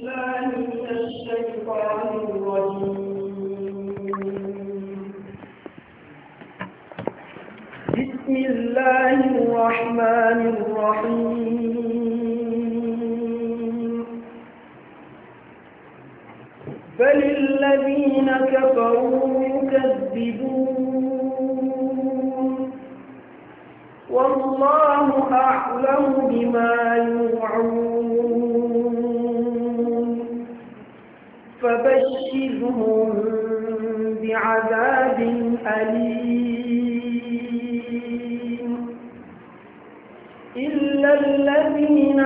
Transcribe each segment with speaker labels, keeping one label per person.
Speaker 1: بسم الله الرحمن الرحيم بل الذين كفروا يكذبون والله أعلم بما يوعون فبشرهم بعذاب أليم إلا الذين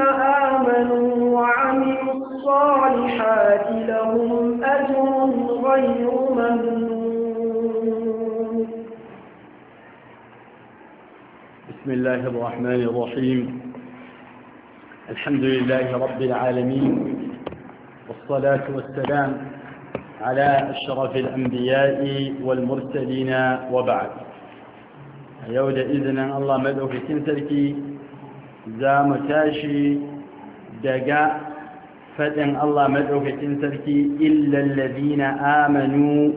Speaker 1: آمنوا وعملوا الصالحات لهم أجر غير ممنون بسم الله الرحمن الرحيم الحمد لله رب العالمين والصلاة والسلام على أشرف الأنبياء والمرسلين وبعد يود إذن الله مدعو في سنسلك زام تاشي دقاء فإن الله مدعو في سنسلك إلا الذين آمنوا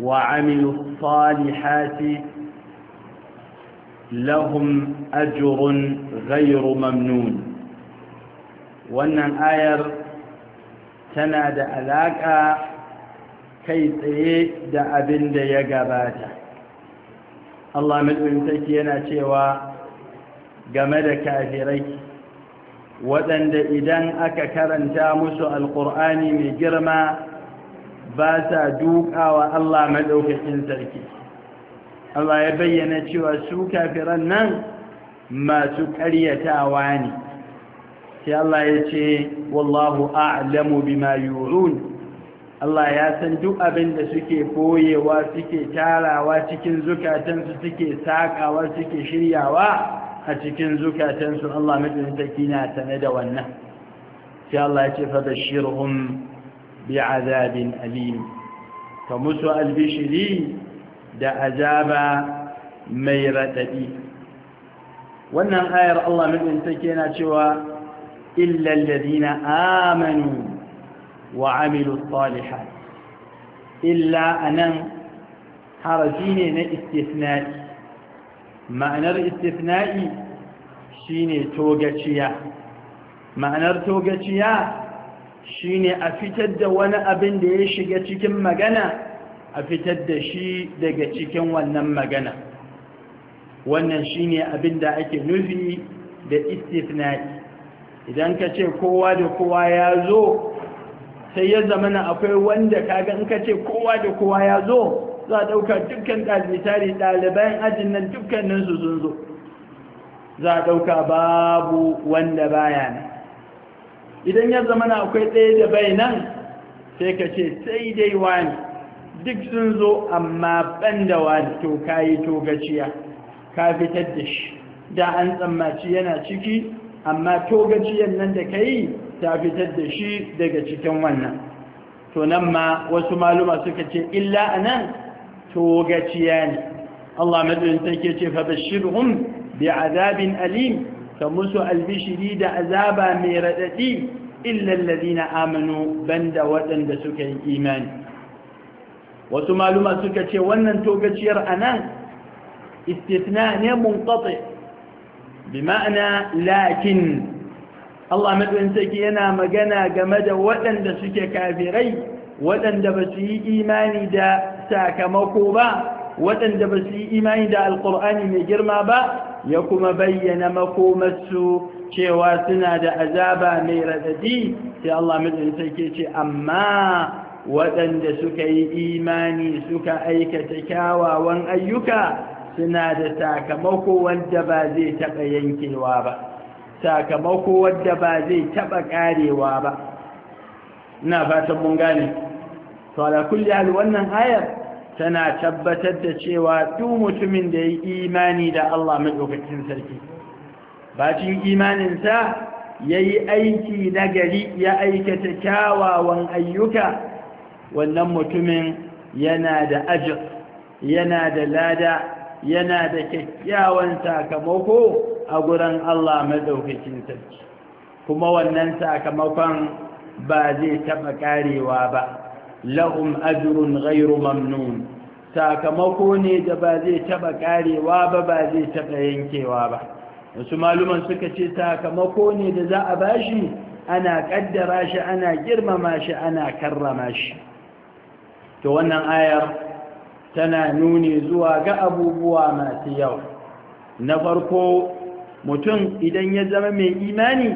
Speaker 1: وعملوا الصالحات لهم أجر غير ممنون وأن ayar tana da alaƙa kai tsaye da abin da ya gabata Allah sarki yana cewa game da kafirai waɗanda idan aka karanta musu alƙur'ani mai girma ba sa dukawa Allah maɗaukakin sarki Allah ya bayyana cewa su kafiran nan masu ƙaryatawa ne sai Allah ya ce wallahu a'lamu bima yu'un Allah ya san duk abinda suke boyewa suke tarawa cikin zukatansu suke sakawa suke shiryawa a cikin zukatansu Allah mutum take na sane da wannan sai Allah ya ce fa bashirhum bi'azabin alim ka musu albishiri da azaba mai radadi wannan ayar Allah mutum take yana cewa amanu, wa إلا الذين آمنوا وعملوا الصالحات إلا أنم حرجيني لإستثناء معنى الاستثناء شيني توقشيا معنى توقشيا shine a fitar da wani abin da ya shiga cikin magana a fitar da shi daga cikin wannan magana wannan shine abin da ake nufi da istifnai idan ka ce kowa da kowa ya zo sai ya zama na akwai wanda kaga in ka ce kowa da kowa ya zo za a ɗauka dukkan ɗalibai ɗaliban ajin nan dukkanin su sun zo za a ɗauka babu wanda baya nan idan ya zama na akwai ɗaya da bai nan sai ka ce sai dai wani duk sun zo amma ban da wani to kayi to gaciya ka fitar da shi da an tsammaci yana ciki amma togaciyar nan da kayi ta fitar da shi daga cikin wannan to nan ma wasu maluma suka ce illa anan togaciya ne Allah madalin take ce fa bashirhum bi azabin alim ka musu albishiri da azaba mai radadi illa alladhina amanu banda waɗanda suka yi imani wasu maluma suka ce wannan togaciyar anan istitna ne munqati bi ma'ana lakin Allah madawin sarki yana magana game da waɗanda suke kafirai waɗanda ba su yi imani da sakamako ba waɗanda ba su yi imani da Alkur'ani mai girma ba ya kuma bayyana makomarsu cewa suna da azaba mai raɗaɗi sai Allah madawin sarki ce amma waɗanda suka yi imani suka aikata kyawawan ayyuka suna da sakamako wadda ba zai taɓa yankewa ba sakamako wadda ba zai taɓa ƙarewa ba ina fatan mun gane to ala kulli wannan ayar tana tabbatar da cewa duk mutumin da ya yi imani da Allah maɗaukakin sarki bacin imaninsa ya yi aiki na gari ya aikata kyawawan ayyuka wannan mutumin yana da ajir yana da lada yana da kyakkyawan sakamako a gurin Allah madaukakin sarki kuma wannan sakamakon ba zai taɓa ƙarewa ba la'um ajrun ghairu mamnun sakamako ne da ba zai taɓa ƙarewa ba ba zai taɓa yankewa ba wasu maluman suka ce sakamako ne da za a bashi ana ƙaddara shi ana girmama shi ana karrama shi to wannan ayar tana nuni zuwa ga abubuwa masu yau na farko mutum idan ya zama mai imani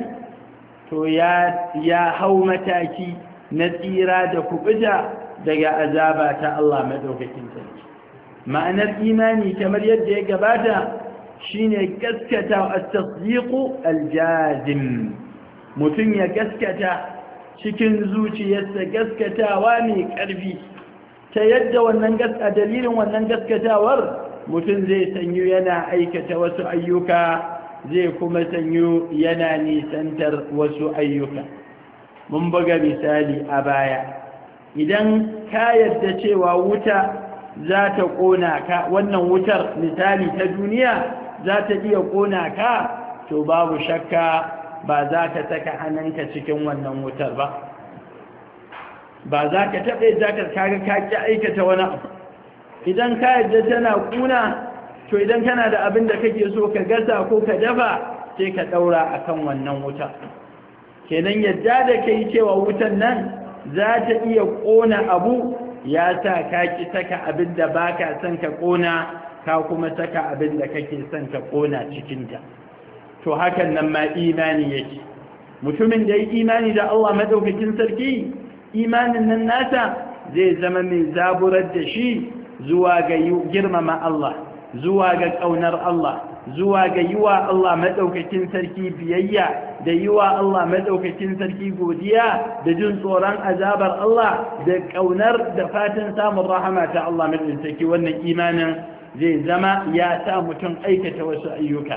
Speaker 1: to ya hau mataki na tsira da kubuja daga azaba ta Allah maɗaukakin sarki ma'anar imani kamar yadda ya gabata shine gaskata at-tasdiqu al mutum ya gaskata cikin zuciyarsa gaskatawa mai ƙarfi ta yadda wannan a dalilin wannan gaskatawar mutum zai sanyu yana aikata wasu ayyuka zai kuma sanyu yana nisantar wasu ayyuka mun buga misali a baya idan ka yadda cewa wuta za ta kona ka wannan wutar misali ta duniya za ta iya ƙona ka to babu shakka ba za ka saka hannunka cikin wannan wutar ba ba za ka taɓe za ka kaga kaki aikata wani abu idan ka yadda tana kuna to idan kana da abin da kake so ka gasa ko ka dafa sai ka ɗaura a kan wannan wuta kenan yadda da ka yi cewa wutan nan za ta iya ƙona abu ya sa kaki ki saka abin da ba ka son ka ƙona ka kuma saka abin da kake son ka ƙona cikinta to hakan nan ma imani yake mutumin da ya imani da Allah maɗaukakin sarki imanin nan nata zai zama mai zaburar da shi zuwa ga girmama Allah zuwa ga ƙaunar Allah zuwa ga yiwa Allah maɗaukakin sarki biyayya da yiwa Allah maɗaukakin sarki godiya da jin tsoron azabar Allah da ƙaunar da fatan samun rahama ta Allah maɗaukakin sarki wannan imanin zai zama ya sa mutum aikata wasu ayyuka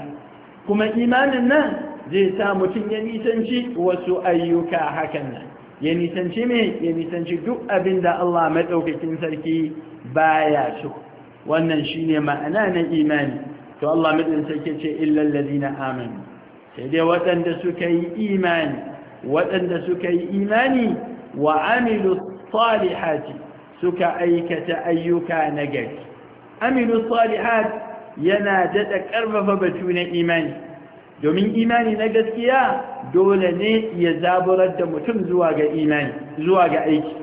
Speaker 1: kuma imanin nan zai sa mutum ya nisanci wasu ayyuka hakan nan ya nisanci me ya nisanci duk abin da Allah maɗaukakin sarki baya so wannan shine ma'ana na imani to Allah maɗaukakin sarki ce illal na amanu sai dai waɗanda suka yi imani waɗanda suka yi imani wa amilu salihati suka aikata ayyuka na gari amilu salihat yana daɗa ƙarfafa batu na imani domin imani na gaskiya dole ne ya zaburar da mutum zuwa ga imani zuwa ga aiki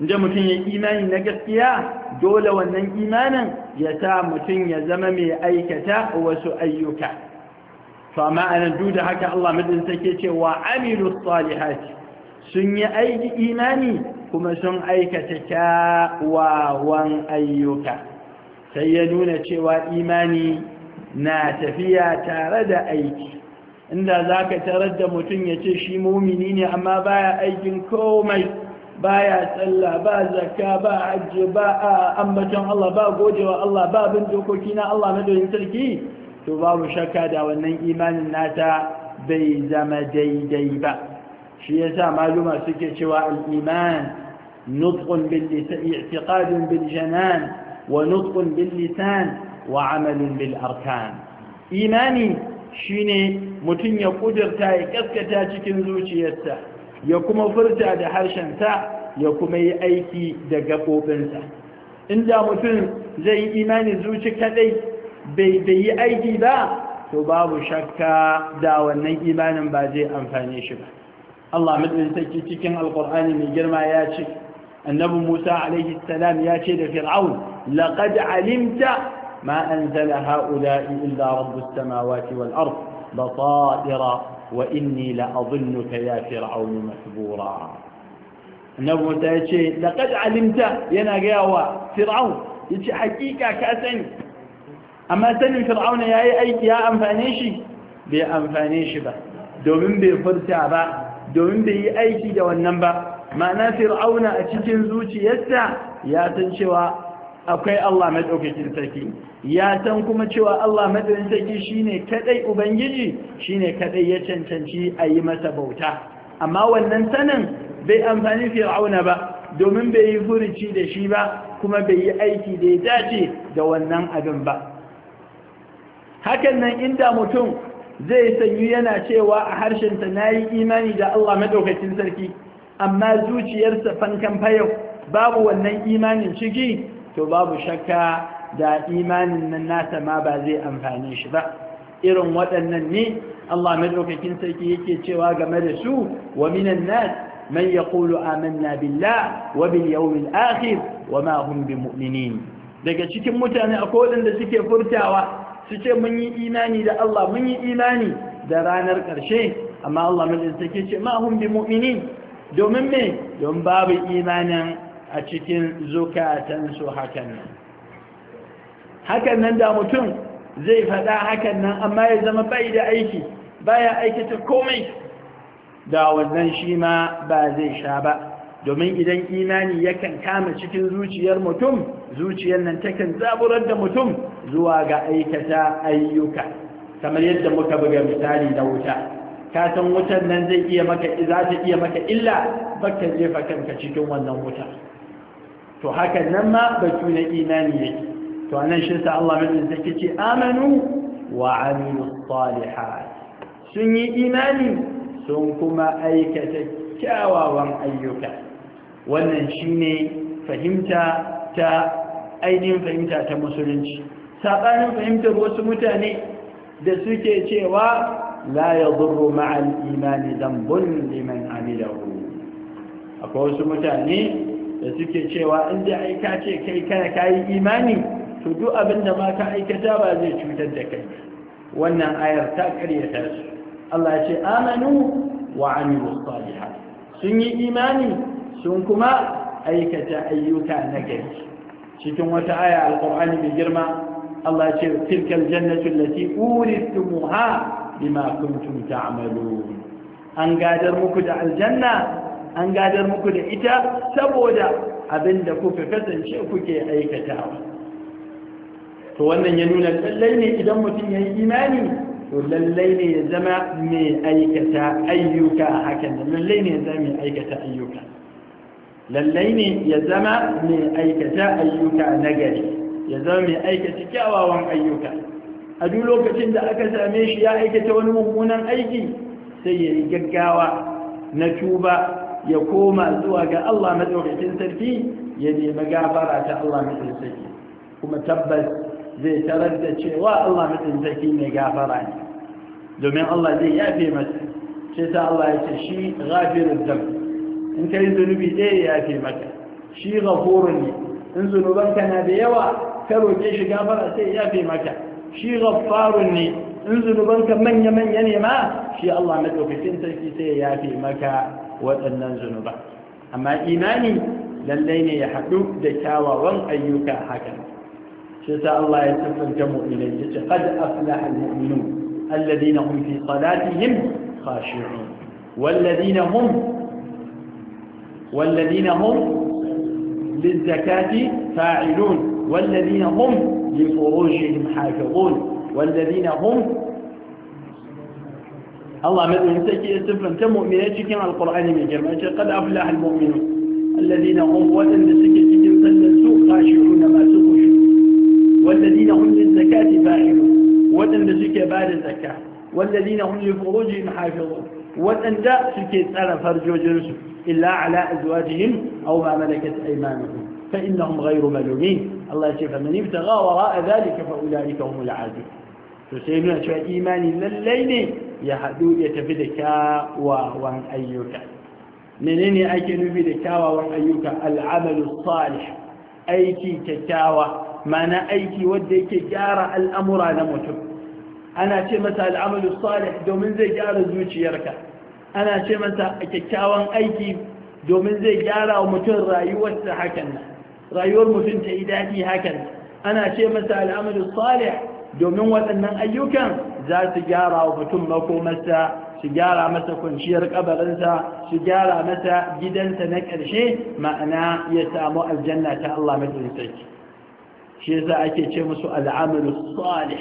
Speaker 1: inda mutum ya imani na gaskiya dole wannan imanin ya sa mutum ya zama mai aikata wasu ayyuka to amma anan duk da haka Allah madin take cewa amilu salihati sun yi aiki imani kuma sun aikata kyawawan ayyuka sai ya nuna cewa imani na tafiya tare da aiki inda za ka tarar da mutum ya ce shi mumini ne amma baya aikin komai baya tsalla ba zakka ba hajji ba a ambaton Allah ba gojewa Allah ba bin dokoki na Allah doyin sarki to babu shakka da wannan imanin nata bai zama daidai ba shi yasa maluma suke cewa al'iman, nutkun nutqun bil lisan wa nutkun bil lisan wa amalin bil’arkan imani shi ne mutum ya kudurta ya kaskata cikin zuciyarta, ya kuma furta da harshensa ya kuma yi aiki da gaɓoɓinsa inda mutum zai yi imani zuci kaɗai bai yi aiki ba to babu shakka da wannan imanin ba zai amfane shi ba Allah mutum sarki cikin alkur'ani mai girma ya ce annabi musa a.s. ya ce da fir'aun laƙad alimta ما أنزل هؤلاء إلا رب السماوات والأرض بصائر وإني لأظنك يا فرعون مكبورا النبي تأتي لقد علمت ينا قاوى فرعون يتي حقيقة كأسن أما سن فرعون يا أي يا أنفانيشي بي أنفانيشي با دومن بي فرسا با دومن بي أيكي دو النمبا معنى فرعون أتي تنزوتي يسا يا تنشوى akwai Allah maɗaukakin sarki ya san kuma cewa Allah maɗaukakin sarki shine kadai ubangiji shine kadai ya cancanci a yi masa bauta amma wannan sanin bai amfani fir'auna ba domin bai yi furuci da shi ba kuma bai yi aiki da ya dace da wannan abin ba hakan nan inda mutum zai sanyu yana cewa a harshen na yi imani da Allah maɗaukakin sarki amma zuciyarsa fankan fayau babu wannan imanin ciki to babu shakka da imanin nan nasa ma ba zai amfane shi ba irin waɗannan ne Allah madaukakin sarki yake cewa game da su wa minan nas man yaqulu amanna billa, wa bil yawmil akhir wa ma hum bimu'minin daga cikin mutane akwai waɗanda suke furtawa su ce mun yi imani da Allah mun yi imani da ranar ƙarshe amma Allah madaukakin sarki ce ma hum bimu'minin domin me don babu imanin a cikin zukatansu hakan nan hakan nan da mutum zai faɗa hakan nan amma ya zama bai da aiki baya aikata komai da wannan shi ma ba zai sha ba domin idan imani yakan kama cikin zuciyar mutum zuciyar nan takan zaburar da mutum zuwa ga aikata ayyuka kamar yadda muka buga misali da wuta ka san wutar nan zai iya maka za ta iya maka illa baka jefa kanka cikin wannan wuta to hakan nan ma batu na imani yake to nan shi sa Allah mai zaki ce amanu wa amilu salihat sun yi imani sun kuma aikata kyawawan ayyuka wannan shine fahimta ta ainihin fahimta ta musulunci saɓanin fahimtar wasu mutane da suke cewa la ya zurru ma'al imani zambun liman amilahu akwai wasu mutane da suke cewa in da aika ce kai kana kayi imani to duk abin da ma ka aikata ba zai cutar da kai wannan ayar ta karyata su Allah ce amanu wa amilu salihat sun yi imani sun kuma aikata ayyuka na gari cikin wata aya alqur'ani mai girma Allah ce tilkal jannatu allati uristumuha bima kuntum ta'malun an gadar muku da aljanna an gadar muku da ita saboda abin da kuka kasance kuke aikatawa to wannan ya nuna lallai ne idan mutum ya yi imani to lallai ne ya zama mai aikata ayyuka hakan da lallai ne ya zama mai aikata ayyuka lallai ne ya zama mai aikata ayyuka na gari ya zama mai aikata kyawawan ayyuka a duk lokacin da aka same shi ya aikata wani mummunan aiki sai ya yi gaggawa na tuba ya koma zuwa ga Allah madaukakin sarki ya nemi gafara ta Allah madaukakin sarki kuma tabbas zai tarar da cewa Allah madaukakin sarki mai gafara ne domin Allah zai yafe masa sai ta Allah ya ce shi ghafirud dam in kai zunubi ɗaya ya yafe maka shi ghafurun ne in zunubanka na da yawa ka roƙe shi gafara sai ya yafe maka shi ghaffarun ne in zunubanka manya-manya ne ma shi Allah madaukakin sarki sai ya yafe maka waɗannan zunuba amma imani lallai ne ya haɗu da kyawawan ayyuka haka shi sa Allah ya siffanta mu'minai ya ce qad aflaha al-mu'minun hum fi salatihim khashi'un walladhina hum walladhina hum lizakati fa'ilun walladhina hum هم لفروجهم حافظون والذين هم الله ما ذهب تأتي سفن كمؤمنين شكين على القرآن من جمع قد أفلاح المؤمنون الذين هم وزن لسكتهم تسلسوا خاشعون ما سقشوا والذين هم للزكاة فاعلون وزن لسكة بعد الزكاة والذين هم لفروجهم حافظون وزن جاء سكت على فرج وجرس إلا على أزواجهم أو ما ملكت أيمانهم فإنهم غير ملومين الله يشفى من ابتغى وراء ذلك فأولئك هم العادون to sai nuna cewa imani lallai ne ya haɗu ya tafi da kyawawan ayyuka menene ake nufi da kyawawan ayyuka al'amalu salih aiki kyakkyawa mana aiki wanda yake gyara al'amura na mutum ana ce masa al'amalu salih domin zai gyara zuciyarka ana ce masa kyakkyawan aiki domin zai gyara wa mutum rayuwarsa hakan nan rayuwar mutum ta yi daɗi hakan ana ce masa al'amalu salih domin waɗannan ayyukan za su gyara wa mutum makomarsa su gyara masa kwanciyar kabarinsa su gyara masa gidansa na ƙarshe ma'ana ya samu aljanna ta Allah madaukakin sarki shi yasa ake ce musu al'amalu salih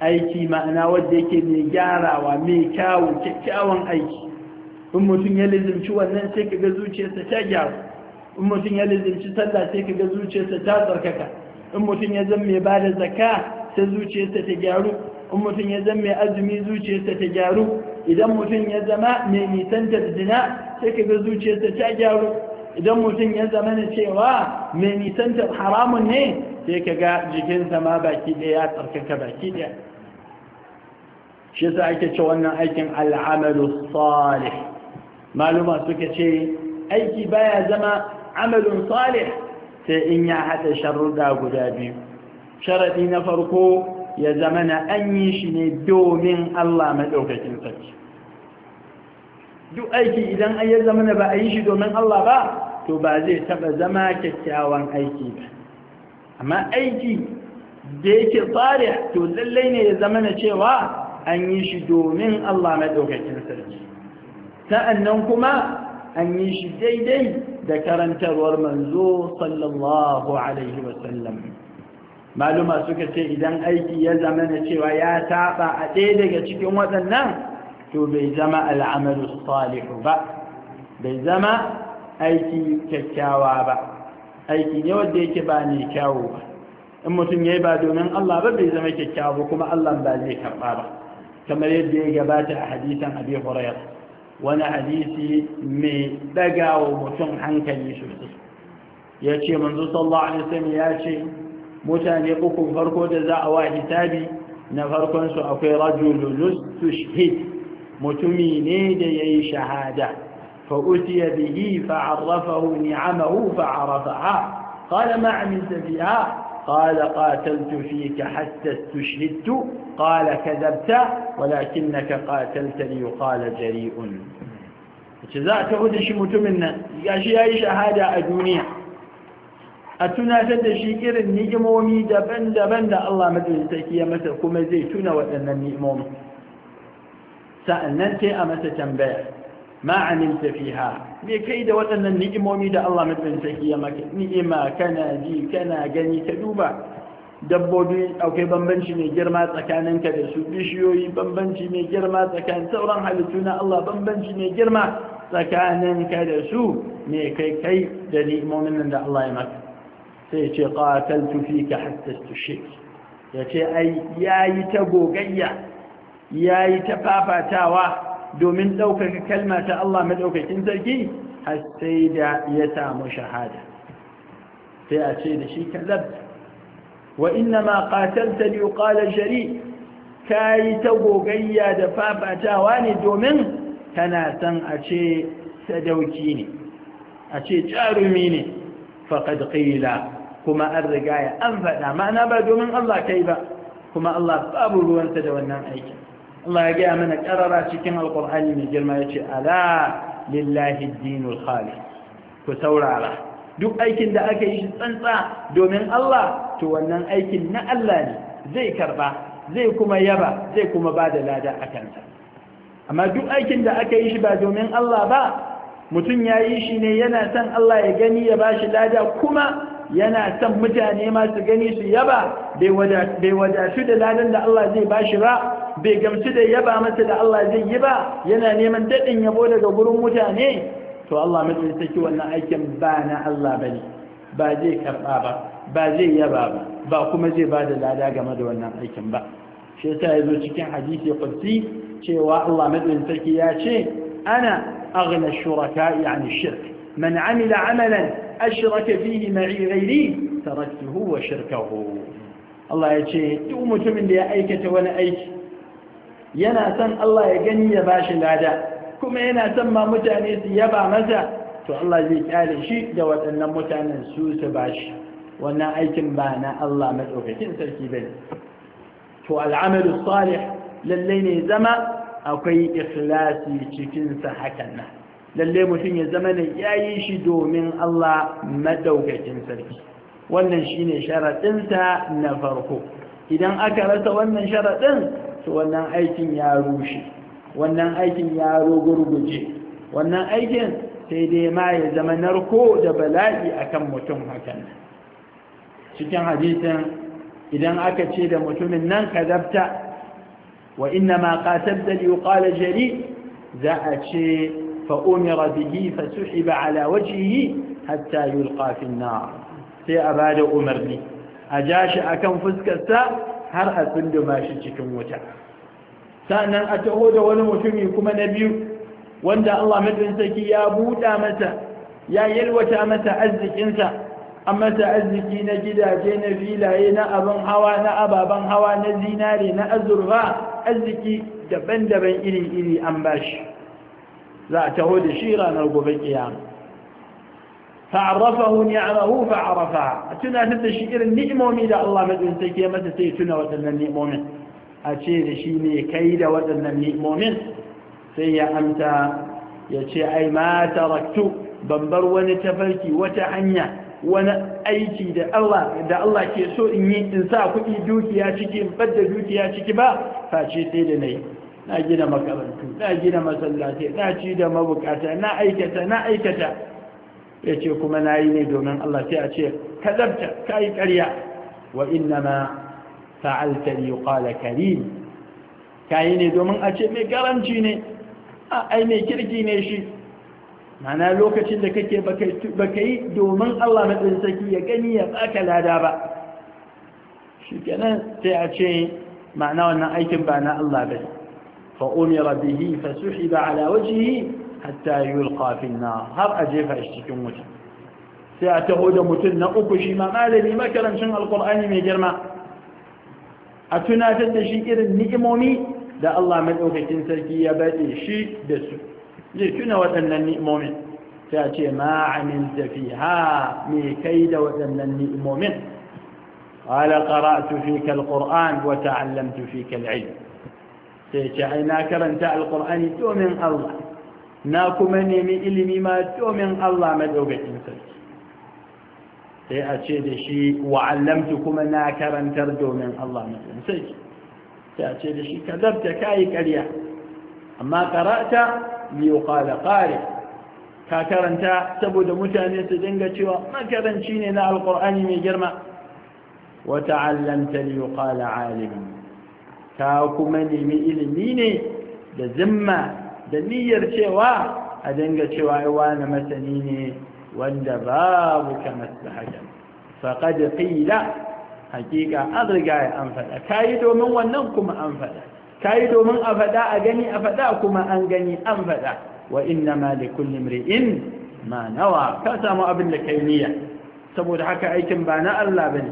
Speaker 1: aiki ma'ana wanda yake mai gyarawa mai kyawun kyakkyawan aiki in mutum ya lizimci wannan sai kaga zuciyarsa ta gyaru in mutum ya lizimci sallah sai kaga zuciyarsa ta tsarkaka in mutum ya zama mai bada zakka ta zuciyarsa ta gyaru in mutum ya zama mai azumi zuciyarsa ta gyaru idan mutum ya zama mai nisantar zina sai ka ga zuciyarsa ta gyaru idan mutum ya zama na cewa mai nisantar haramun ne sai ka ga jikinsa ma baki ɗaya tsarkaka baki ɗaya shi sa ake ce wannan aikin al'amalu salih maluma suka ce aiki baya zama amalun salih sai in ya haɗa sharuɗa guda biyu sharadi na farko ya zama na an yi shi ne domin Allah maɗaukakin sarki duk aiki idan an yi zama ba a yi shi domin Allah ba to ba zai taɓa zama kyakkyawan aiki ba amma aiki da yake tsari to lallai ne ya zama na cewa an yi shi domin Allah maɗaukakin sarki sa'annan kuma an yi shi daidai da karantarwar manzo sallallahu alaihi wasallam maluma suka ce idan aiki ya zama na cewa ya taɓa a ɗaya daga cikin waɗannan to bai zama al'amalu salihu ba bai zama aiki kyakkyawa ba aiki ne wanda yake ba ne kyawo ba in mutum ya yi ba domin Allah ba bai zama kyakkyawa ba kuma Allah ba zai karɓa ba kamar yadda ya gabata a hadisan abi hurayra wani hadisi mai ɗaga wa mutum hankali sosai ya ce manzo sallallahu alaihi wasallam ya ce mutane uku farko da za a wa hisabi na farkon su akwai rajulun tushhid mutumi ne da yayi shahada fa utiya bihi fa arrafahu ni'amahu fa arafaha qala ma amilta biha قال قاتلت فيك حتى استشهدت قال كذبت ولكنك قاتلت ليقال جريء ce za a taho da shi mutumin nan ya shi shahada a duniya a tunatar da shi irin ni'imomi daban-daban da Allah madaukaki ya masa kuma zai tuna waɗannan ni'imomi sa'annan sai a masa tambaya ma'anin tafiha me kai da waɗannan ni'imomi da Allah madaukaki ya maka ni'ima kana ji kana gani ka duba dabbobi akwai bambanci mai girma tsakaninka da su bishiyoyi bambanci mai girma tsakanin sauran halittu na Allah bambanci mai girma tsakaninka da su me kai kai da ni'imomin da Allah ya maka sai ce ka fika shi. Ya ce, ai yayi ta gogayya yayi ta fafatawa domin ɗaukaka kalma ta Allah madaukakin sarki har sai da ya samu shahada sai a ce da shi kallab wa inna ma qatalta li yuqala shari yi ta gogayya da fafatawa ne domin kana san a ce sadauki ne a ce jarumi ne faqad kuma an ya an faɗa ma'ana ba domin Allah kai ba kuma Allah babu ruwansa da wannan aikin Allah ya gaya mana ƙarara cikin alƙur'ani mai girma ya ce ala lillahi dinul khali ku saurara duk aikin da aka yi shi tsantsa domin Allah to wannan aikin na Allah ne zai karba zai kuma yaba zai kuma ba da lada a kansa amma duk aikin da aka yi shi ba domin Allah ba mutum ya yi shi ne yana son Allah ya gani ya ba shi lada kuma yana son mutane masu gani su yaba bai wadatu da ladan da Allah zai bashi ba bai gamsu da yaba masa da Allah zai yi ba yana neman daɗin yabo daga gurin mutane to Allah mutum saki wannan aikin ba na Allah ba ne ba zai karɓa ba ba zai yaba ba ba kuma zai ba da lada game da wannan aikin ba shi yasa ya zo cikin hadisi qudsi cewa Allah mutum saki ya ce ana aghna shuraka yani shirk من عمل عملا أشرك فيه معي غيري تركته وشركه Allah ya ce duk mutumin da ya aikata wani aiki yana son Allah ya gani ya bashi lada kuma yana son ma mutane su yaba masa to Allah zai kyale shi da waɗannan mutanen su su bashi wannan aikin ba na Allah madaukakin sarki bane to al'amalu salih lallai ne zama akwai ikhlasi cikinsa sa hakan nan lalle mutum ya zama ne ya yi shi domin Allah madaukakin sarki wannan shine sharaɗinsa na farko idan aka rasa wannan sharaɗin to wannan aikin ya rushe wannan aikin ya rugurguje wannan aikin sai dai ma ya zama narko da bala'i akan mutum hakan cikin hadisin idan aka ce da mutumin nan kadabta wa inna ma da li yuqala jari za a ce فأمر به فسحب على وجهه حتى يلقى في النار sai a bada umarni a ja shi a kan fuskarsa har a tsunduma shi cikin wuta sannan a taho da wani mutumi kuma na biyu wanda Allah madin saki ya buɗa mata ya yalwata mata arzikinsa an mata arziki na gidaje na filaye na abin hawa na ababen hawa na zinari, na azurfa arziki daban-daban iri-iri an bashi za a taho da shi ranar gobe kiyama fa'arrafahu ni'amahu fa'arafa a tunatar da shi irin ni'imomi da Allah madin sai ke masa sai tuna waɗannan ni'imomin a ce da shi ne kai da waɗannan ni'imomin sai ya amta ya ce ai ma taraktu ban bar wani tafarki wata hanya wani aiki da Allah da Allah ke so in yi in sa kuɗi dukiya ciki in bar dukiya ciki ba face sai da nayi na gina makarantu na gina masallatai na ci da mabukata na aikata na aikata ya ce kuma na yi ne domin Allah sai a ce kazabta ka yi karya wa inna ma fa'alta li yuqala karim ka yi ne domin a ce mai garanci ne a mai kirki ne shi mana lokacin da kake baka yi domin Allah matsayin saki ya gani ya baka lada ba shi kenan sai a ce ma'ana wannan aikin ba na Allah bai فأمر به فسحب على وجهه حتى يلقى في النار هر أجيفها اشتكين متى سيعتهد متن أكشي ما ما كرم شن القرآن من جرما أتنا تدشير النئمومي دا الله مدعوكتين يا بدي شيء دسو لتنا وأن النئمومي سيأتي ما عملت فيها ميكيد وأن النئمومي قال قرأت فيك القرآن وتعلمت فيك العلم sai ce ai na karanta alkur'ani domin Allah na kuma nemi ilimi ma domin Allah madaukakin sarki sai a ce da shi wa'allamtu kuma na karantar domin Allah madaukakin sarki sai a ce da shi kadabta kai ƙarya amma karata li yuqala qari ka karanta saboda mutane su dinga cewa makaranci ne na alkur'ani mai girma wa ta'allamta li yuqala Ka kuma nemi ilimi ne da zimma da niyyar cewa a dinga cewa ya wani masani ne wanda babu kamar su haka faƙad qila hakika an riga ya an faɗa kayi domin wannan kuma an faɗa kayi domin a faɗa a gani a faɗa kuma an gani an faɗa wa inna ma li kullum ri'in? ma nawa ka samu abin da kai niyya saboda haka aikin ba na Allah ne.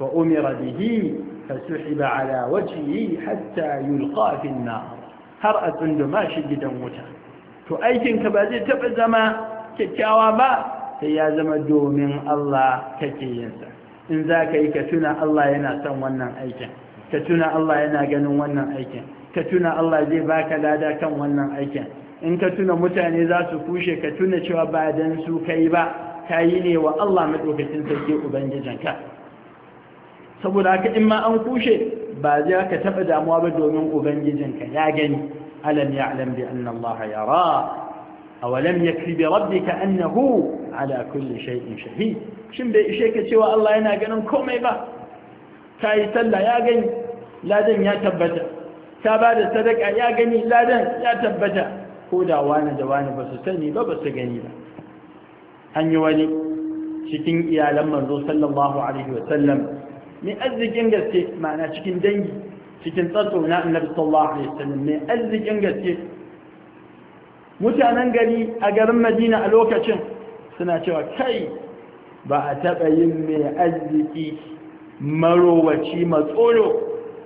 Speaker 1: fa umira bihi فسحب على وجهه حتى يلقى في النار har a tsunduma shi gidan wuta to aikinka ba zai taɓa zama kyakkyawa ba sai ya zama domin Allah kake yinsa in za ka yi ka tuna Allah yana son wannan aikin ka tuna Allah yana ganin wannan aikin ka tuna Allah zai baka lada kan wannan aikin in ka tuna mutane za su kushe ka tuna cewa ba dan su kai ba ka yi ne wa Allah maɗaukacin sarki ka. saboda haka in ma an kushe ba zai ka taba damuwa ba domin ubangijinka ya gani alam ya alam bi anna Allah yara aw lam yakfi bi rabbika annahu ala kulli shay'in shahid shin bai ishe ka cewa Allah yana ganin komai ba kai sallah ya gani ladan ya tabbata ta bada sadaka ya gani ladan ya tabbata ko da wani da wani ba su sani ba ba su gani ba an yi wani cikin iyalan manzo sallallahu alaihi wa sallam mai arzikin gaske ma'ana cikin dangi cikin tsatso na annabi sallallahu alaihi wasallam mai arzikin gaske mutanen gari a garin madina a lokacin suna cewa kai ba a taɓa yin mai arziki marowaci matsoro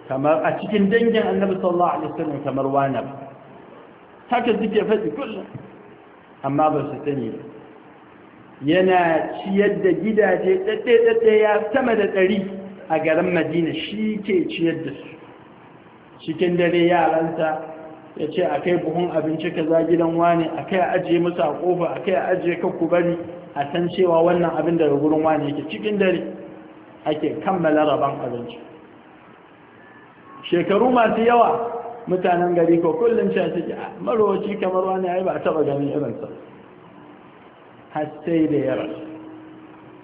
Speaker 1: kamar a cikin dangin annabi sallallahu alaihi wasallam kamar wani ba haka suke faɗi kullum amma ba su sani ba yana ciyar da gidaje ɗaɗɗe-ɗaɗɗe ya sama da ɗari a garin madina shi ke ciyar da su cikin dare yaransa ya ce a kai buhun abinci ka za gidan wane a kai ajiye musu a kofa a kai ajiye kakku bari a san cewa wannan abin daga gurin wane yake cikin dare ake kammala rabon abinci shekaru masu yawa mutanen gari ko kullum cewa suke ah, marowaci kamar wani ya yi ba a taɓa ganin irinsa har sai da ya rasu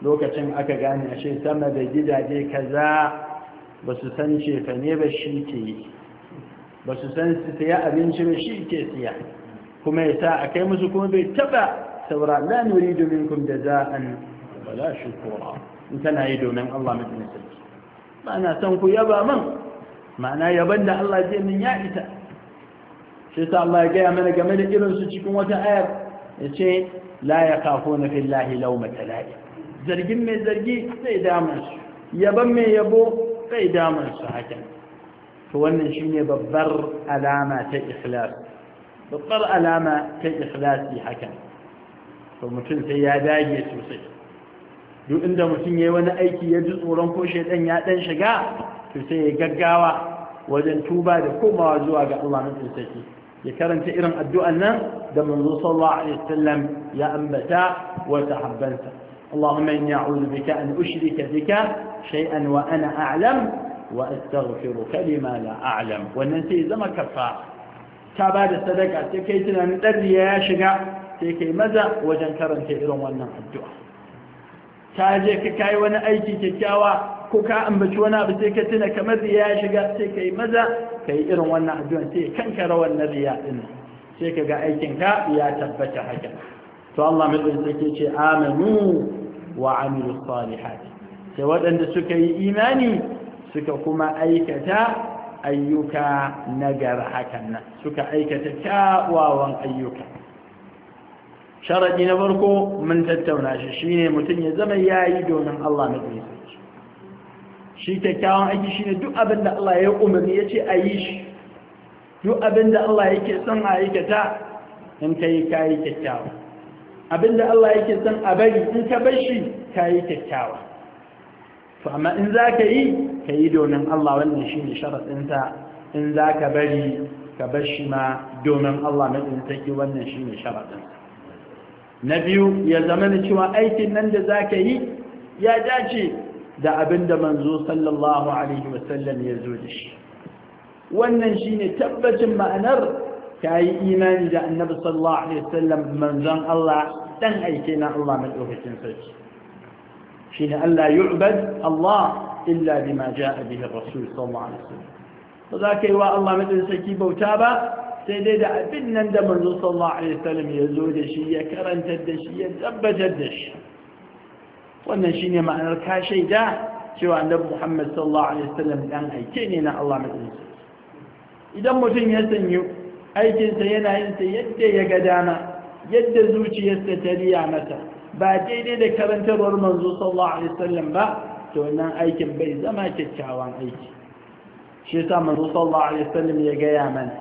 Speaker 1: lokacin aka gane ashe sama da gidaje kaza ba su san cefa ne ba shi ke yi ba su san su siya abinci ba shi ke siya kuma ya sa a kai musu kuma bai taba saura domin da za nuridu minkum jaza'an wala shukura in kana yi domin Allah mutum sarki ba na san ku yaba man ma'ana yaban da Allah zai min ya ita shi sa Allah ya gaya mana game da irin su cikin wata ayar ya ce la ya kafo na fillahi laumata la'im zargin mai zargi zai damar su yaban mai yabo zai damar su hakan to wannan shine babbar alama ta ikhlas babbar alama ta ikhlasi hakan to mutum sai ya dage sosai duk inda mutum yayi wani aiki ya ji tsoron ko shedan ya dan shiga to sai ya gaggawa wajen tuba da komawa zuwa ga Allah mutum saki ya karanta irin addu'an nan da manzo sallallahu alaihi wasallam ya ambata wa sahabbansa اللهم إني أعوذ بك أن أشرك بك شيئا وأنا أعلم وأستغفرك لما لا أعلم إذا ما كفى كبار الصدقة تكي تنام تدري يا شقا تكي مزا وجن كرن كيرون وانا الدعاء تاجي كاي وانا أيتي تكاوى كوكا أم وانا بتكي تنا كمدري يا شقا تكي مزا كي إرون وانا الدعاء تكي كنكر وانا رياء تكي قا أيكي كا يا تبت حكا فالله من تكي آمنوا wa amilu salihat sai waɗanda suka yi imani suka kuma aikata ayyuka nagara hakan nan suka aikata kyawawan ayyuka sharaɗi na farko mun tattauna shi shine mutum ya zama yayi domin Allah na ɗaya shi kyakkyawan aiki shine duk abin da Allah ya umarni ya ce a yi shi duk abin da Allah yake son a aikata in ka yi kayi kyakkyawan abinda Allah yake son a bari in ka bar shi ka yi kyakkyawa to amma in za ka yi ka yi domin Allah wannan shi ne sharaɗinsa in za ka bari ka bar shi ma domin Allah matsayin sarki wannan shi ne sharaɗinsa na biyu ya zama da cewa aikin nan da za ka yi ya dace da abin da manzo sallallahu alaihi wasallam ya zo da shi wannan shi ne tabbacin ma'anar ta yi imani da annabi sallallahu alaihi wasallam manzon Allah dan aike na Allah mai madaukakin sarki shine Allah yu'bad Allah illa bima jaa bihi rasul sallallahu alaihi wasallam ba za ka yi wa Allah madaukakin sarki bauta ba sai dai da abin nan da manzo sallallahu alaihi wasallam ya zo da shi ya karanta da shi ya tabbatar da shi wannan shine ma'anar ka shaida cewa annabi Muhammad sallallahu alaihi wasallam dan aike ne na Allah madaukakin idan mutum ya sanyo aikinsa yana yin sa yadda ya ga dama yadda zuciyarsa ta riya masa ba daidai da karantarwar manzo sallallahu alaihi wasallam ba to wannan aikin bai zama kyakkyawan aiki shi yasa manzo sallallahu alaihi wasallam ya gaya mana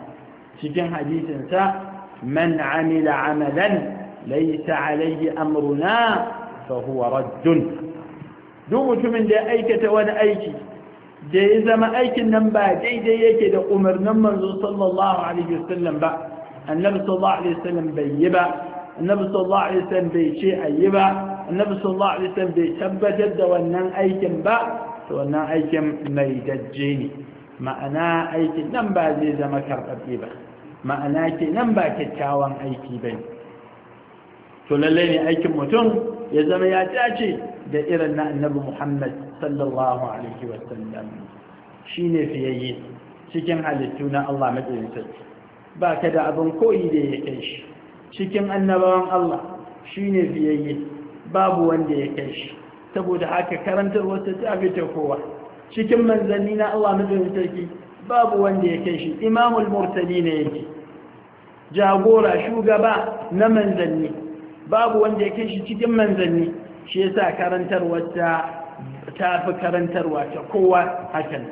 Speaker 1: cikin hadisin sa man amila amalan laysa alaihi amruna fa huwa raddun duk mutumin da ya aikata wani aiki da ya zama aikin nan ba daidai yake da umarnin manzo sallallahu alaihi wasallam ba annabi sallallahu alaihi wasallam bai yi ba annabi sallallahu alaihi wasallam bai ce ayi ba annabi sallallahu alaihi wasallam bai tabbatar da wannan aikin ba to wannan aikin mai dajje ne ma'ana aikin nan ba zai zama karɓaɓɓe ba ma'ana ke nan ba kyakkyawan aiki ba ne to lallai ne aikin mutum ya zama ya dace da irin na annabi muhammad sallallahu alaihi wasallam shi ne fiyayye cikin halittu na allah matsayin sarki ba ka da abin koyi da ya kai shi cikin annabawan allah shi ne fiyayye babu wanda ya kai shi saboda haka karantar wata ta fita kowa cikin manzanni na allah matsayin sarki babu wanda ya kai shi imamul murtali ne yake jagora shugaba na manzanni babu wanda ya kai shi cikin manzanni shi yasa karantarwa ta fi karantarwa ta kowa hakan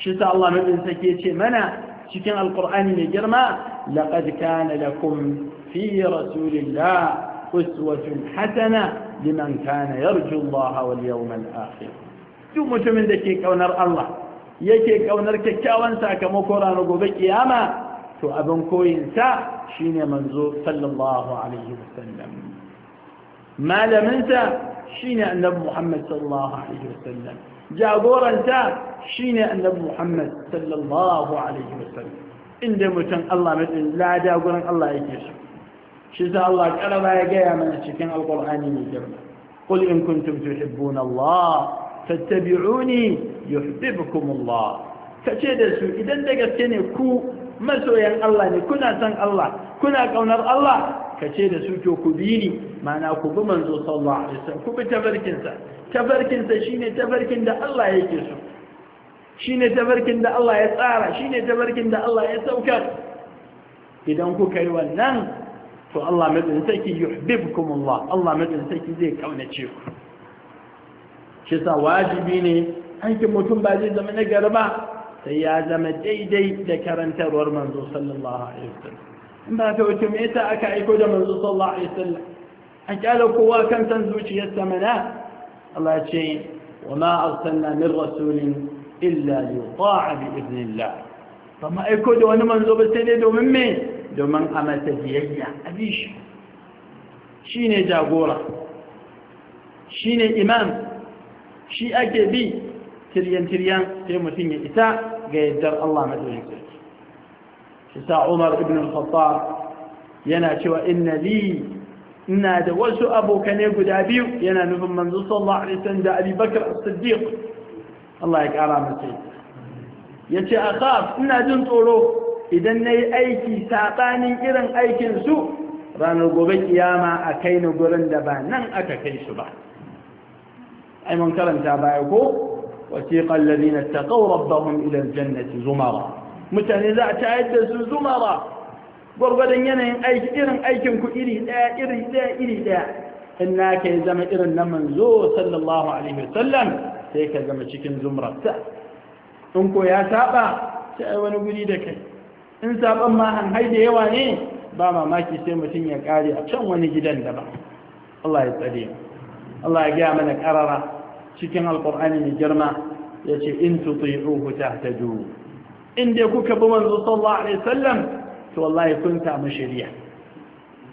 Speaker 1: shi sa Allah nufin sake ce mana cikin alkur'ani mai girma laqad kana lakum fi rasulillah uswatun hasana liman kana yarju Allah wal yawmal akhir duk mutumin da ke kaunar Allah yake kaunar kyakkyawan sakamako ranar gobe kiyama تو أبن كوين تا شين منظور صلى الله عليه وسلم ما لم انت شين أنب محمد صلى الله عليه وسلم جابورا تا شين أنب محمد صلى الله عليه وسلم إن دمتن الله مدن لا دا قرن الله يجيش شزا الله قال ما يجي من الشكين القرآن يجيب قل إن كنتم تحبون الله فاتبعوني يحببكم الله فشيء إذا انت قلت كو masoyan Allah ne kuna san Allah kuna kaunar Allah ka ce da su to ku bi ni mana ku bi manzo sallallahu alaihi wasallam ku bi tabarkinsa tabarkinsa shine tabarkin da Allah yake so shine tabarkin da Allah ya tsara shine tabarkin da Allah ya saukar idan ku kai wannan to Allah madin saki yuhibbukum Allah Allah madin saki zai kaunace ku shi sa wajibi ne aikin mutum ba zai zama na garba تيازم جي جي ذكرن ترور منظور صلى الله عليه وسلم ما توتم إتا أكايكو دا منظور صلى الله عليه وسلم أجعل قوة كم تنزوج يستمنا الله شيء وما أرسلنا من رسول إلا يطاع بإذن الله فما أكو دو أنه منظور من مين دو من قام تجيئيا أبيش شيني جاغورة شيني إمام شيء أكبي تريان تريان في مثيني إتاء ga yaddar Allah madaukakin sarki Umar ibn al yana cewa inna li ina da wasu abokane guda biyu yana nufin manzo sallallahu alaihi wasallam da Abi Bakr as-Siddiq Allah ya kara masa yace ina jin tsoro idan nayi aiki sabanin irin aikin su ranar gobe kiyama a kai ni gurin da ba nan aka kai su ba ai mun karanta baya ko وثيق الذين اتقوا ربهم إلى الجنة زمرا mutane za a tayar da su zumara gwargwadon yanayin aiki irin aikinku iri ɗaya iri ɗaya iri ɗaya in na ka zama irin na manzo sallallahu alaihi wasallam sai ka zama cikin zumrarsa in ko ya saba sai wani guri da kai in saban ma hanhai da yawa ne ba mamaki sai mutum ya kare a can wani gidan daban Allah ya tsare Allah ya gaya mana karara cikin alkur'ani mai girma ya ce in ta tahtaju in dai kuka bi manzo sallallahu alaihi wasallam to wallahi kun samu shari'a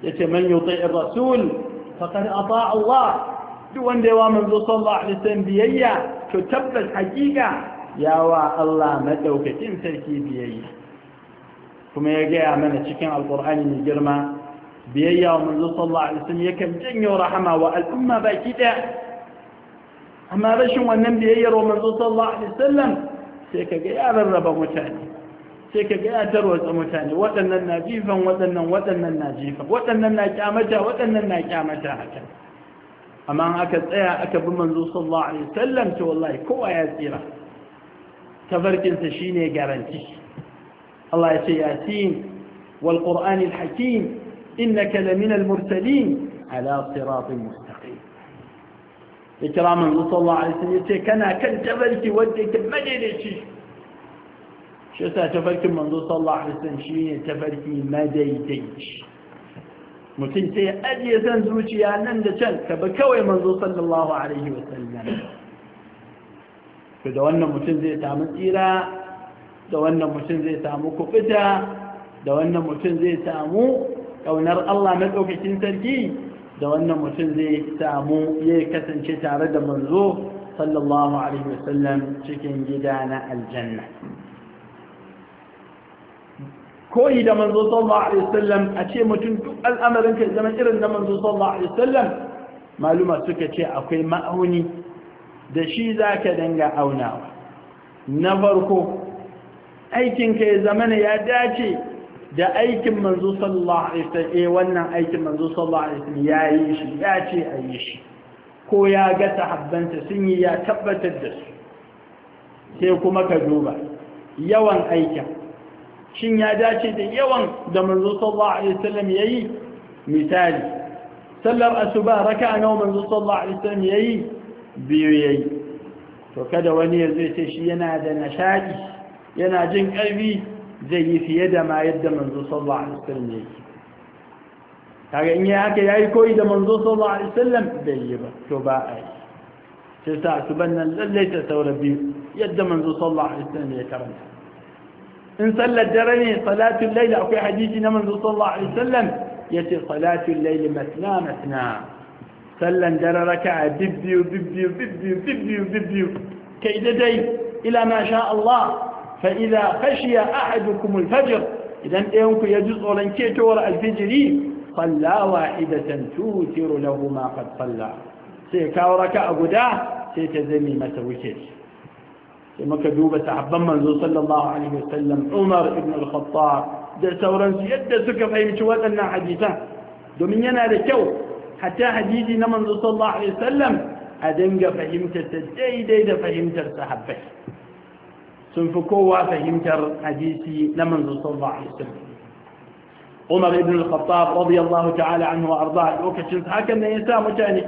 Speaker 1: yace man yuti'ir rasul faqad ata'a Allah duk wanda yawa manzo sallallahu alaihi wasallam biyayya to tabbas hakika yawa Allah madaukakin sarki biyayya kuma ya gaya mana cikin alkur'ani mai girma biyayya wa manzo sallallahu alaihi wasallam yakan janyo rahama wa al'umma baki daya amma rashin wannan biyayyar wa manzo sallallahu alaihi wasallam sai kaga ya rarraba mutane sai kaga ya tarwatsa mutane waɗannan na jifan waɗannan waɗannan na jifan waɗannan na kyamata waɗannan na kyamata haka amma aka tsaya aka bi manzo sallallahu alaihi wasallam to wallahi kowa ya tsira tafarkinsa shine garanti Allah ya ce yasin wal qur'anil hakim innaka lamina al mursalin ala siratin mustaqim ya kira manzo sallallahu alaihi wasallam yace kana kan tabarki wanda yake madaidaici shi yasa tabarkin manzo sallallahu alaihi wasallam shine tabarki madaidaici mutum sai ajiye san zuciya nan da can ka ba kawai manzo sallallahu alaihi wasallam to da wannan mutum zai samu tsira da wannan mutum zai samu kufita da wannan mutum zai samu ƙaunar Allah madaukakin sarki da wannan mutum zai samu ya kasance tare da manzo sallallahu alaihi wasallam cikin gida na aljanna koyi da manzo sallallahu alaihi wasallam a ce mutum duk al'amarin ka zama irin na manzo sallallahu alaihi wasallam maluma suka ce akwai ma'auni da shi zaka danga aunawa na farko aikin ya zamana ya dace da aikin manzo sallallahu alaihi wasallam eh wannan aikin manzo sallallahu alaihi wasallam ya shi ya ce a yi shi ko ya ga sahabbansa sun yi ya tabbatar da su sai kuma ka duba yawan aikin shin ya dace da yawan da manzo sallallahu alaihi wasallam yayi misali sallar asuba raka'a nawa manzo sallallahu alaihi wasallam yayi biyu yayi to kada wani ya zai ce shi yana da nashadi yana jin ƙarfi. zai yi fiye da ma yadda manzo sallallahu alaihi wasallam yake kaga in yi haka yayi koyi da manzo sallallahu alaihi wasallam bai yi ba to ba a yi sai sa asuban nan lalle ta saura biyu yadda manzo sallallahu alaihi wasallam ya karanta in sallar dare ne salatul layl akwai hadisi na manzo sallallahu alaihi wasallam yace salatul layl matna matna sallan dare raka'a bibbiyu bibbiyu bibbiyu bibbiyu bibbiyu kai dai ila ma sha Allah فإذا خشي أحدكم الفجر إذا أنت إنك يجوز أولاً كيتور الفجر صلى واحدة توتر له ما قد صلى سيكاورك أبداه سيتزمي ما توكيش كما كذوبة عبد منذ صلى الله عليه وسلم عمر بن الخطار دعتورا سيدة سكف أي متوات أنها حديثة دومينينا لكو حتى حديثي نمنذ صلى الله عليه وسلم أدنك فهمت تديد إذا فهمت السحبك sun fi kowa fahimtar hadisi na manzo sallallahu alaihi wasallam Umar ibn al-Khattab radiyallahu ta'ala anhu arda lokacin hakan ne yasa mutane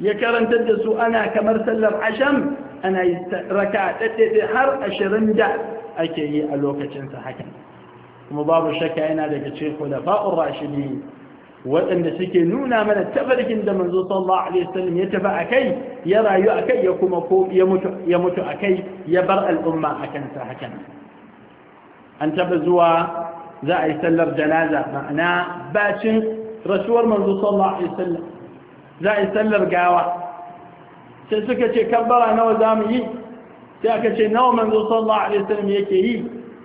Speaker 1: ya karantar da su ana kamar sallar asham ana raka daddade har 20 da ake yi a lokacin sa hakan kuma babu shakka yana daga cikin khulafa'ur rashidin waɗanda suke nuna mana tafarkin da manzo sallallahu alaihi wasallam ya tafi akai ya rayu akai ya kuma ko ya mutu ya mutu akai ya bar al'umma akan sa hakan an taba zuwa za a yi sallar janaza ma'ana bacin rasuwar manzo sallallahu alaihi wasallam za a yi sallar gawa sai suka ce kabbara nawa za mu yi sai aka ce nawa manzo sallallahu alaihi wasallam yake yi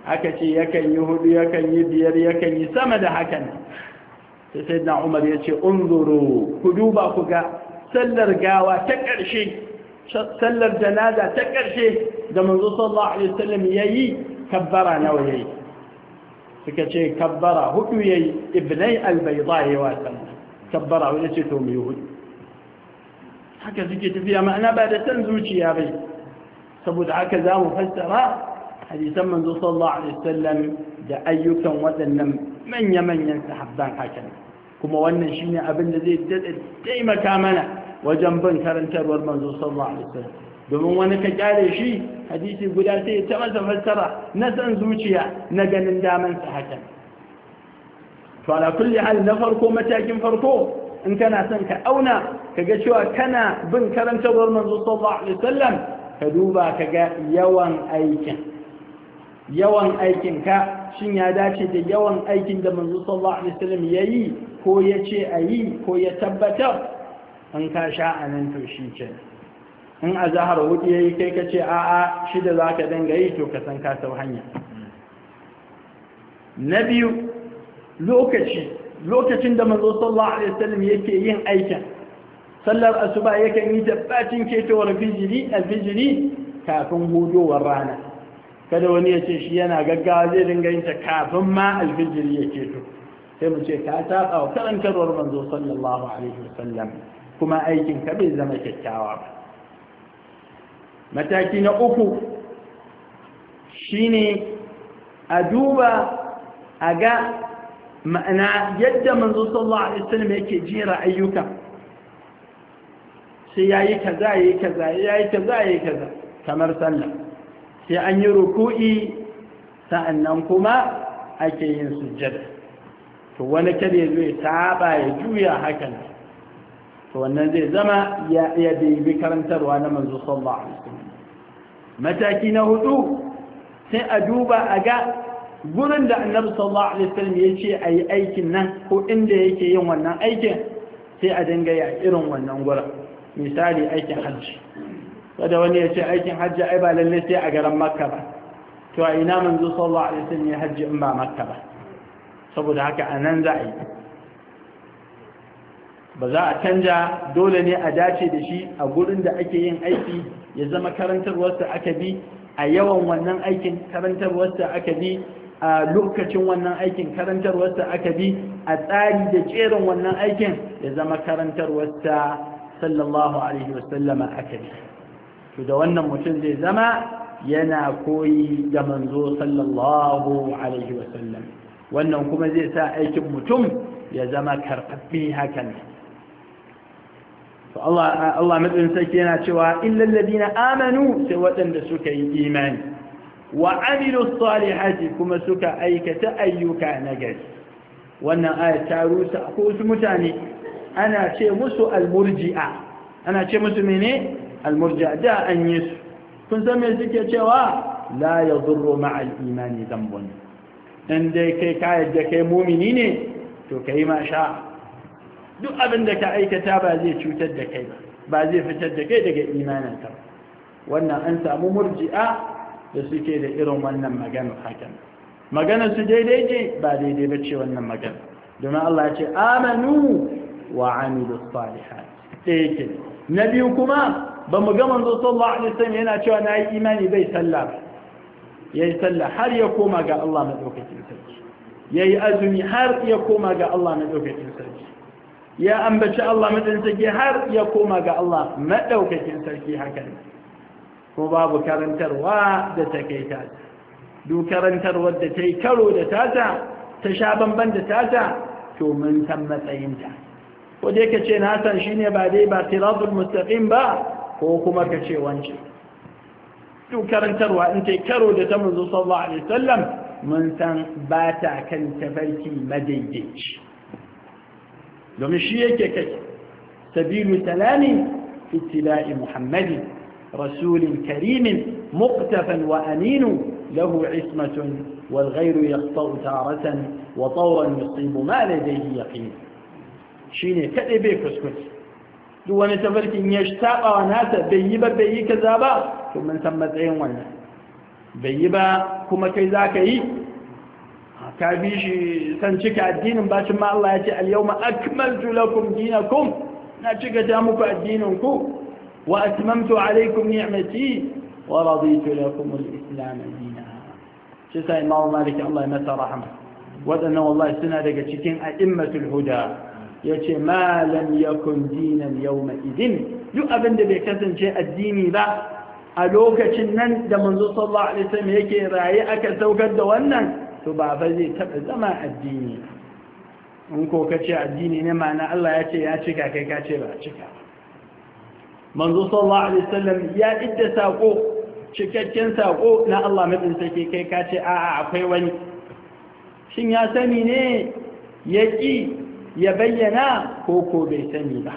Speaker 1: aka ce yakan yi hudu yakan yi biyar yakan yi sama da hakan sai sai na umar ya ce unzuru ku duba ku ga sallar gawa ta ƙarshe sallar janaza ta ƙarshe da manzo sallallahu alaihi wasallam yayi kabbara nawa yayi suka ce kabbara hudu yayi ibnai albayda ya wasan kabbara wani ce to mu hudu haka suke tafiya ma'ana ba da san zuciya bai saboda haka za mu fassara hadisan manzo sallallahu alaihi wasallam da ayyukan waɗannan manya-manyan sahabban hakan kuma wannan shine abin da zai daɗa taimaka mana wajen bin karantarwar manzo sallallahu domin wani ka kyale shi hadisi guda sai ta masa fassara na san zuciya na ganin daman sa hakan to ala kulli hal na farko matakin farko in kana son ka auna kaga cewa kana bin karantarwar manzo sallallahu alaihi wasallam ka duba kaga yawan aikin yawan aikin ka shin ya dace da yawan aikin da manzo sallallahu alaihi wasallam yayi ko ya ce a yi ko ya tabbatar an ka sha a nan to shi ce in a zahar hudu ya yi kai ka ce a a shida za ka danga yi to ka san ka sau hanya na biyu lokaci lokacin da manzo sallallahu alaihi wasallam yake yin aikin sallar asuba yake yi tabbacin ketowar fijiri al fijiri kafin hudowar rana kada wani ya ce shi yana gaggawa zai dinga yin ta kafin ma alfijiri ya ke to sai mu ce ka tsawo wa karantarwar manzo sallallahu alaihi wasallam kuma aikin ka bai zama kyakkyawa ba mataki na uku shine a duba a ga ma'ana yadda manzo sallallahu alaihi wasallam yake jera ayyuka sai yayi kaza yayi kaza yayi kaza yayi kaza kamar sallah sai an yi ruku'i sa'annan kuma ake yin sujjada to wani kare ya zo ya taba ya juya hakan to wannan zai zama ya iya bi karantarwa na manzo sallallahu alaihi mataki na hudu sai a duba a ga gurin da annabi sallallahu alaihi wasallam ya ce aikin nan ko inda yake yin wannan aikin sai a dinga ya irin wannan gurin misali aikin hajji kada wani ya ce aikin hajji ai ba lalle sai a garin makka ba to a ina manzo sallallahu alaihi wasallam ya hajji in ba makka ba saboda haka anan za a yi ba za a canja dole ne a dace da shi a gurin da ake yin aiki ya zama karantarwarsa aka bi a yawan wannan aikin karantarwarsa aka bi a lokacin wannan aikin karantarwarsa aka bi a tsari da jerin wannan aikin ya zama ta sallallahu alaihi wasallama aka bi to da wannan mutum zai zama yana koyi da manzo sallallahu alaihi wasallam wannan kuma zai sa aikin mutum ya zama karfafi hakan Allah Allah madin sarki yana cewa illal ladina amanu sai waɗanda suka yi imani wa amilu salihati kuma suka aikata ayyuka gari wannan aya ta rusa ko su mutane ana ce musu almurji'a ana ce musu mene almurja da an yi su kun san me suke cewa la ya zurro ma'al imani zambon in dai kai ka yadda kai mumini ne to ka yi masha duk abin da ka aikata ba zai cutar da kai ba zai fitar da kai daga imaninka wannan an samu murji'a da suke da irin wannan maganar hakan maganar su daidai ne ba daidai ba ce wannan magana domin Allah ce amanu wa amilu salihat ɗaya ke na biyu kuma ba mu ga manzo sallallahu alaihi wasallam yana cewa na yi imani bai sallah ya yi sallah har ya koma ga Allah madaukakin sarki ya yi azumi har ya koma ga Allah madaukakin sarki ya ambaci Allah madaukakin sarki har ya koma ga Allah madaukakin sarki hakan ko babu karantarwa da takaita duk karantarwar da ta yi karo da tata ta sha bamban da tata to mun san matsayinta ko dai ka ce na san shine ba dai ba siratul mustaqim ba ko kuma ka ce wance karantarwa in ta karo da ta manzo sallallahu alaihi wasallam mun san bata kan tafarki madaidaici domin shi yake kai sabilu salami ittila'i muhammadin rasulin karimin muqtafan wa aminu lahu ismatun wal ghayru yaqta'u taratan wa tawran yusibu ma ladayhi yaqin shine kadai bai kuskure duk wani tafarkin ya saba wa nasa bai yi ba bai yi kaza ba to mun san matsayin wannan bai yi ba kuma kai za ka yi ka bi shi san cika addinin bacin ma Allah ya ce al-yawma akmaltu lakum dinakum na cika ta muku addinin ku wa atmamtu alaykum ni'mati wa raditu lakum al-islam dinan shi sai Imam Malik Allah ya masa rahama wadannan wallahi suna daga cikin a'immatul huda ya ce malam ya kundinan yau ma'izin duk abin da bai kasance addini ba a lokacin nan da manzo sallallahu alaihi wasallam yake raye aka saukar da wannan to ba zai taɓa zama addini in ko ka ce addini ne ma'ana Allah ya ce ya cika kai ka ce ba a cika manzo sallallahu alaihi wasallam ya idda sako cikakken sako na Allah madin sake kai ka ce a'a akwai wani shin ya sani ne ya ya bayyana ko ko bai sani ba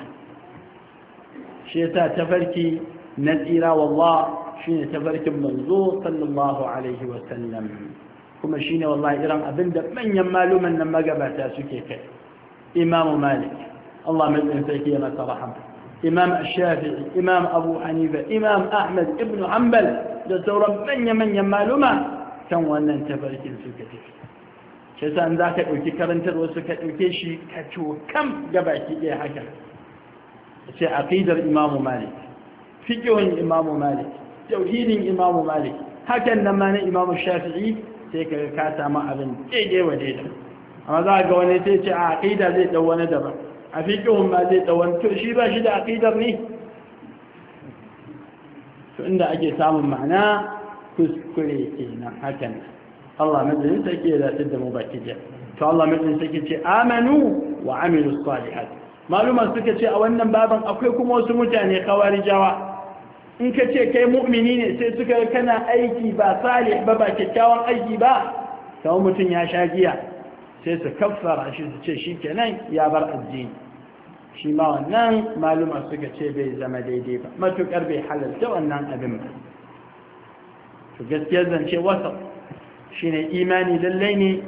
Speaker 1: shi yasa tafarki na tsira wallah shine tafarkin manzo sallallahu alaihi wa sallam kuma shine wallahi irin abinda manyan maluman nan magabata suke kai imamu malik Allah mai sarki ya masa rahama imam ash-shafi'i imam abu hanifa imam ahmad ibn hanbal da sauran manya manyan maluma kan wannan tafarkin suke tafi Sai sa za ka ɗauki karantar wasu ka ɗauke shi ka cokam ga baki ɗaya haka a aqidar imamu malik fiqhun imamu malik tauhidin imamu malik hakan nan ma na imamu shafi'i sai ka ka samu abin daidai wa daidai amma za ga wani sai ce a aqida zai dau wani daban a fiqhun ma zai dau wani to shi ba shi da aqidar ne to inda ake samun ma'ana kuskure kenan hakan nan Allah madadin sarki ya zatar da mu baki to Allah madadin sarki ce amanu wa amilu salihat maluma suka ce a wannan baban akwai kuma wasu mutane jawa. in ka ce kai mu'mini ne sai suka kana aiki ba salih ba ba kyakkyawan aiki ba kawai mutum ya sha giya sai su kafara shi su ce shi kenan ya bar addini shi ma wannan maluma suka ce bai zama daidai ba matukar bai halarta wannan abin ba to gaskiyar zance wasa shine imani lallai ne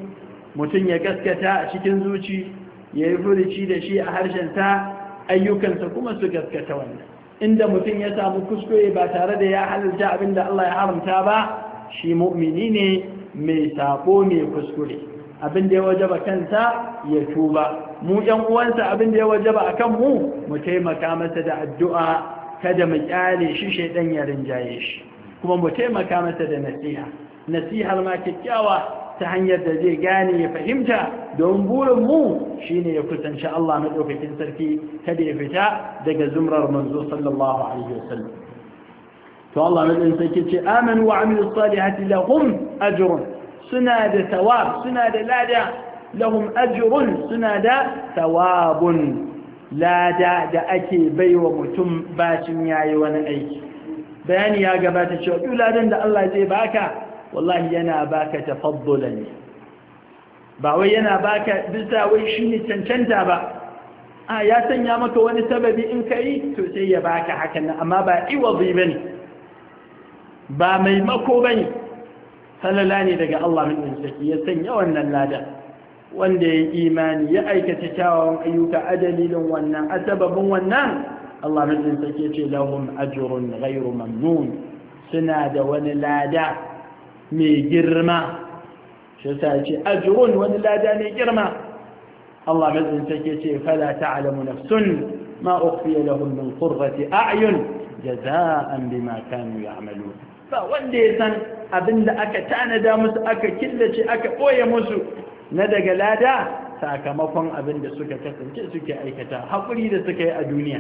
Speaker 1: mutum ya gaskata a cikin zuci ya yi furuci da shi a harshensa ayyukansa kuma su gaskata wannan inda mutum ya samu kuskure ba tare da ya halarta abin da Allah ya haramta ba shi mu'mini ne mai sako mai kuskure abin da ya wajaba kansa ya tuba mu yan uwansa abin da ya wajaba kan mu mu taimaka masa da addu'a kada mu ƙyale shi shaidan ya rinjaye shi kuma mu taimaka masa da nasiha nasihar ma kyakkyawa ta hanyar da zai gane ya fahimta don burin mu shine ya kusanci Allah ɗaukakin sarki kada ya fita daga zumrar manzo sallallahu alaihi wasallam to Allah madaukakin sarki ce amanu wa amilu salihati lahum Ajirun suna da tawab, suna da lada lahum Ajirun suna da tawabun, lada da ake bai wa mutum bacin yayi wani aiki bayani ya gabata cewa duk da Allah zai baka wallahi yana baka tafaddula ne ba wai yana baka bisa wai shine cancanta ba a ya sanya maka wani sababi in kai to sai ya baka hakan nan amma ba iwazi bane ba maimako bane salala ne daga Allah min saki ya sanya wannan lada. wanda ya imani ya aikata tawon ayyuka a dalilin wannan a sababin wannan Allah mutum sake ce lahum ajrun ghairu mamnun suna da wani lada mai girma shi ta ce ajirun wani lada mai girma Allah mazin take ce fala ta'lamu nafsun ma ukhfiya lahum min qurrati a'yun jaza'an bima kanu ya'malun ba wanda ya san abinda aka tanada musu aka killace aka boye musu na daga lada sakamakon abinda suka kasance suke aikata hakuri da suka yi a duniya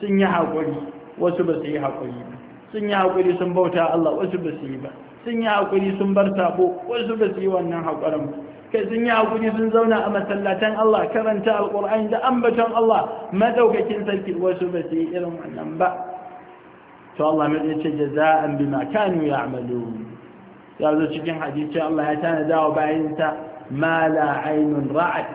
Speaker 1: sun yi hakuri wasu ba su yi hakuri ba sun yi haƙuri sun bauta Allah wasu ba su yi ba sun yi haƙuri sun bar sabo wasu ba su yi wannan haƙurin ba kai sun yi haƙuri sun zauna a masallatan Allah karanta alƙur'ani da ambaton Allah madaukakin sarki wasu ba su yi irin wannan ba to Allah mai ce jaza'an bima kanu ya'malun ya zo cikin hadisi Allah ya tana dawo bayan ta ma la aynun ra'at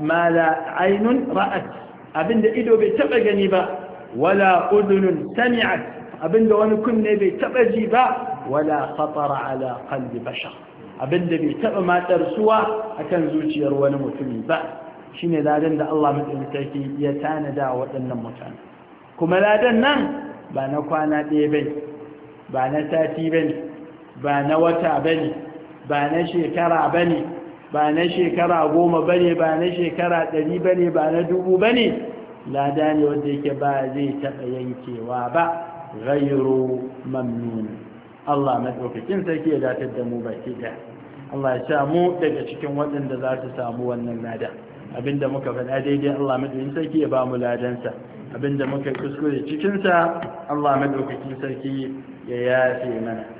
Speaker 1: ma la aynun ra'at abinda ido bai taba gani ba wala udhunun sami'at abinda wani kunne bai taba ji ba wala khatara ala qalbi bashar abinda bai taba matsar suwa akan zuciyar wani mutumi ba shine ladan da Allah madaukakin ya tanada wa waɗannan mutane kuma ladan nan ba na kwana ɗaya bane ba na sati bane ba na wata bane ba na shekara bane ba na shekara goma bane ba na shekara ɗari bane ba na dubu bane lada ne wanda yake ba zai taɓa yankewa ba ghayru mamnun Allah madaukakin sarki ya datar da mu baki da Allah ya samu daga cikin waɗanda za su samu wannan lada abinda muka faɗa daidai Allah madaukakin sarki ya ba mu ladansa abinda muka kuskure cikinsa Allah madaukakin sarki ya yafe mana